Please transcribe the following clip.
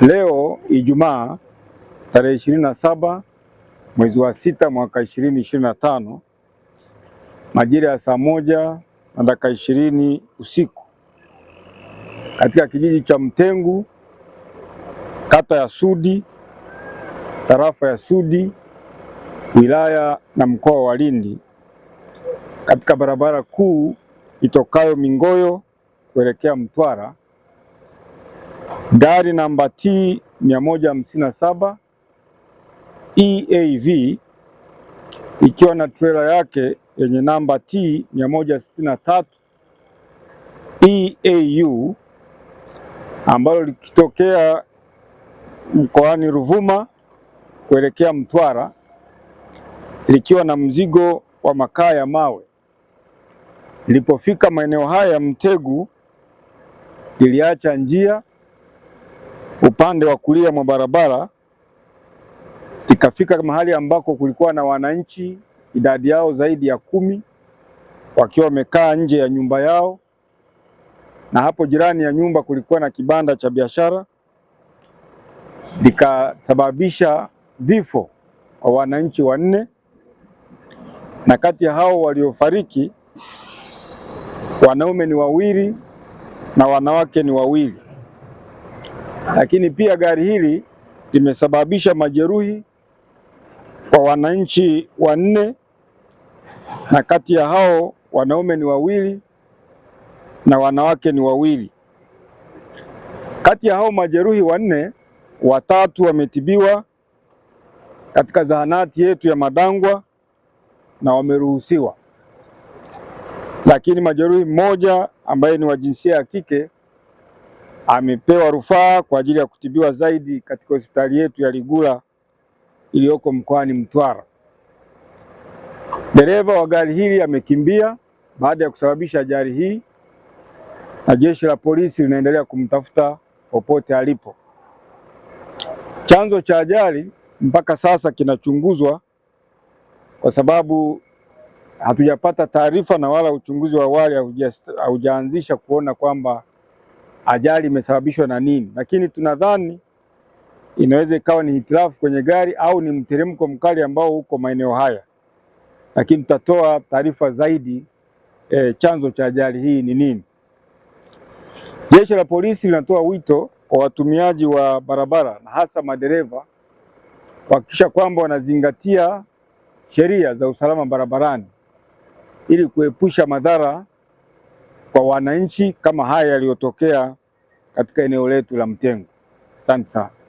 Leo Ijumaa tarehe ishirini na saba mwezi wa sita mwaka ishirini ishirini na tano majira ya saa moja na dakika ishirini usiku katika kijiji cha Mtengu kata ya Sudi tarafa ya Sudi wilaya na mkoa wa Lindi katika barabara kuu itokayo Mingoyo kuelekea Mtwara Gari namba T 157 EAV ikiwa na trela yake yenye namba T 163 EAU ambalo likitokea mkoani Ruvuma kuelekea Mtwara likiwa na mzigo wa makaa ya mawe. Lilipofika maeneo haya ya Mtegu liliacha njia upande wa kulia mwa barabara ikafika mahali ambako kulikuwa na wananchi idadi yao zaidi ya kumi wakiwa wamekaa nje ya nyumba yao, na hapo jirani ya nyumba kulikuwa na kibanda cha biashara, likasababisha vifo kwa wananchi wanne, na kati ya hao waliofariki wanaume ni wawili na wanawake ni wawili. Lakini pia gari hili limesababisha majeruhi kwa wananchi wanne, na kati ya hao wanaume ni wawili na wanawake ni wawili. Kati ya hao majeruhi wanne, watatu wametibiwa katika zahanati yetu ya Madangwa na wameruhusiwa, lakini majeruhi mmoja ambaye ni wa jinsia ya kike amepewa rufaa kwa ajili ya kutibiwa zaidi katika hospitali yetu ya Ligula iliyoko mkoani Mtwara. Dereva wa gari hili amekimbia baada ya kusababisha ajali hii, na jeshi la polisi linaendelea kumtafuta popote alipo. Chanzo cha ajali mpaka sasa kinachunguzwa kwa sababu hatujapata taarifa na wala uchunguzi wa awali haujaanzisha kuona kwamba ajali imesababishwa na nini, lakini tunadhani inaweza ikawa ni hitilafu kwenye gari au ni mteremko mkali ambao uko maeneo haya, lakini tutatoa taarifa zaidi e, chanzo cha ajali hii ni nini. Jeshi la polisi linatoa wito kwa watumiaji wa barabara na hasa madereva kuhakikisha kwamba wanazingatia sheria za usalama barabarani ili kuepusha madhara kwa wananchi kama haya yaliyotokea katika eneo letu la Mtengo. Asante sana.